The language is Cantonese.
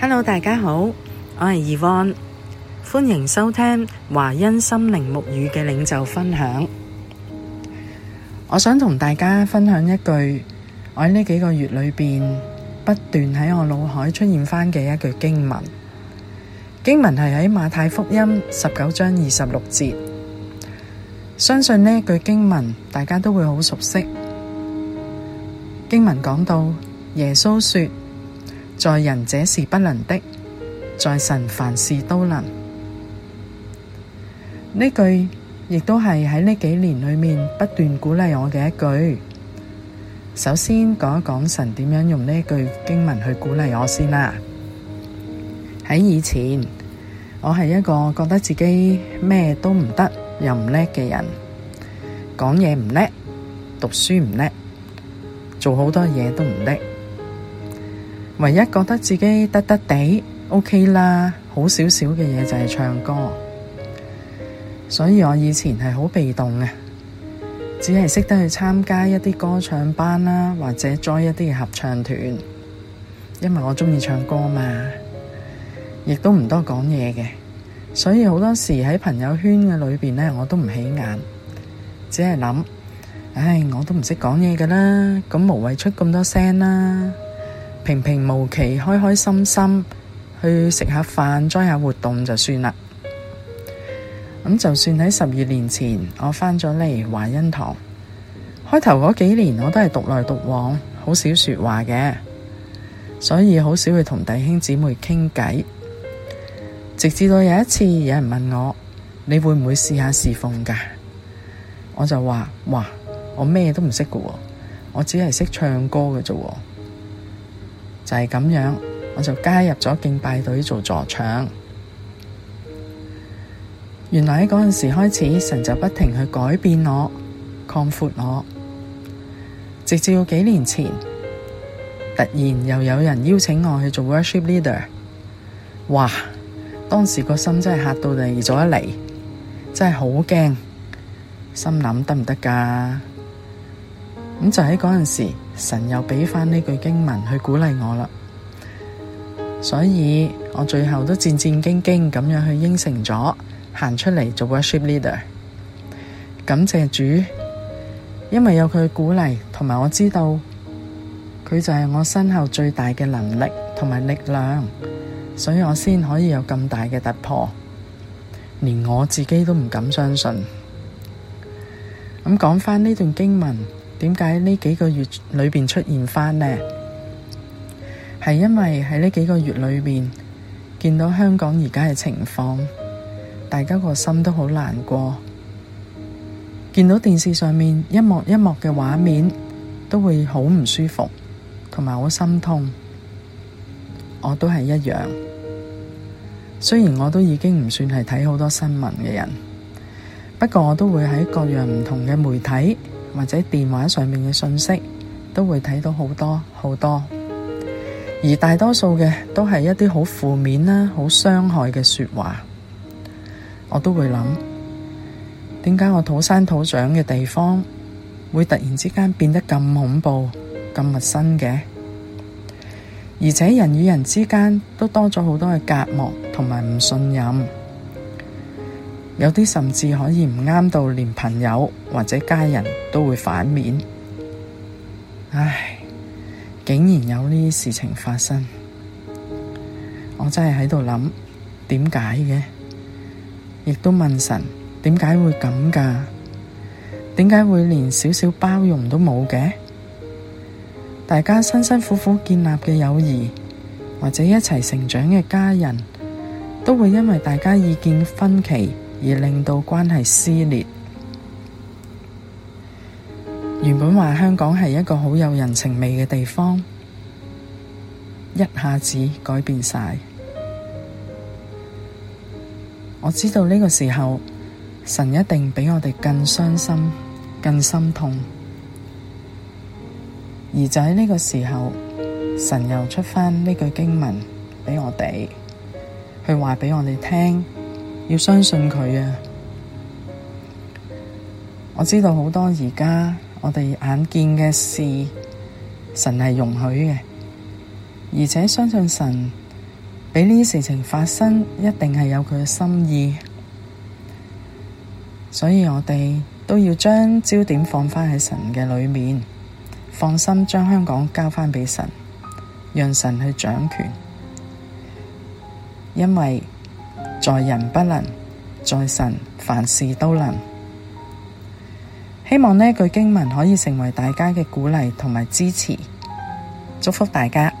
hello，大家好，我係 Yvonne，歡迎收聽華欣心靈物語嘅領袖分享。我想同大家分享一句我喺呢幾個月裏面不斷喺我腦海出現翻嘅一句經文。經文係喺馬太福音十九章二十六節。相信呢句經文，大家都會好熟悉。經文講到耶穌說。在人這是不能的，在神凡事都能。呢句亦都係喺呢幾年裏面不斷鼓勵我嘅一句。首先講一講神點樣用呢句經文去鼓勵我先啦。喺以前，我係一個覺得自己咩都唔得又唔叻嘅人，講嘢唔叻，讀書唔叻，做好多嘢都唔叻。唯一覺得自己得得地 OK 啦，好少少嘅嘢就係唱歌，所以我以前係好被動嘅，只係識得去參加一啲歌唱班啦，或者 join 一啲合唱團，因為我中意唱歌嘛，亦都唔多講嘢嘅，所以好多時喺朋友圈嘅裏邊呢，我都唔起眼，只係諗，唉，我都唔識講嘢㗎啦，咁無謂出咁多聲啦。平平無奇，開開心心去食下飯、join 下活動就算啦。咁就算喺十二年前，我返咗嚟華欣堂，開頭嗰幾年我都係獨來獨往，好少說話嘅，所以好少會同弟兄姊妹傾偈。直至到有一次有人問我，你會唔會試下侍奉噶？我就話：哇，我咩都唔識噶，我只係識唱歌嘅啫。就係咁樣，我就加入咗敬拜隊做助唱。原來喺嗰陣時開始，神就不停去改變我、擴闊我。直至到幾年前，突然又有人邀請我去做 worship leader。哇！當時個心真係嚇到嚟咗一嚟，真係好驚，心諗得唔得噶？咁就喺嗰陣時。神又畀返呢句經文去鼓勵我啦，所以我最後都戰戰兢兢咁樣去應承咗，行出嚟做個 worship leader。感謝主，因為有佢嘅鼓勵，同埋我知道佢就係我身後最大嘅能力同埋力量，所以我先可以有咁大嘅突破，連我自己都唔敢相信。咁講返呢段經文。點解呢幾個月裏邊出現翻呢？係因為喺呢幾個月裏邊，見到香港而家嘅情況，大家個心都好難過。見到電視上面一幕一幕嘅畫面，都會好唔舒服，同埋好心痛。我都係一樣。雖然我都已經唔算係睇好多新聞嘅人，不過我都會喺各樣唔同嘅媒體。或者電話上面嘅信息，都會睇到好多好多，而大多數嘅都係一啲好負面啦、好傷害嘅說話，我都會諗，點解我土生土長嘅地方會突然之間變得咁恐怖，咁陌生嘅？而且人與人之間都多咗好多嘅隔膜同埋唔信任。有啲甚至可以唔啱到連朋友或者家人都會反面。唉，竟然有呢啲事情發生，我真係喺度諗點解嘅，亦都問神點解會咁噶點解會連少少包容都冇嘅？大家辛辛苦苦建立嘅友誼，或者一齊成長嘅家人，都會因為大家意見分歧，而令到關係撕裂。原本話香港係一個好有人情味嘅地方，一下子改變晒。我知道呢個時候，神一定比我哋更傷心、更心痛。而就喺呢個時候，神又出翻呢句經文畀我哋，佢話畀我哋聽。要相信佢啊！我知道好多而家我哋眼見嘅事，神係容許嘅，而且相信神俾呢啲事情發生，一定係有佢嘅心意。所以我哋都要將焦點放返喺神嘅裏面，放心將香港交返畀神，讓神去掌權，因為。在人不能，在神凡事都能。希望呢句經文可以成為大家嘅鼓勵同埋支持，祝福大家。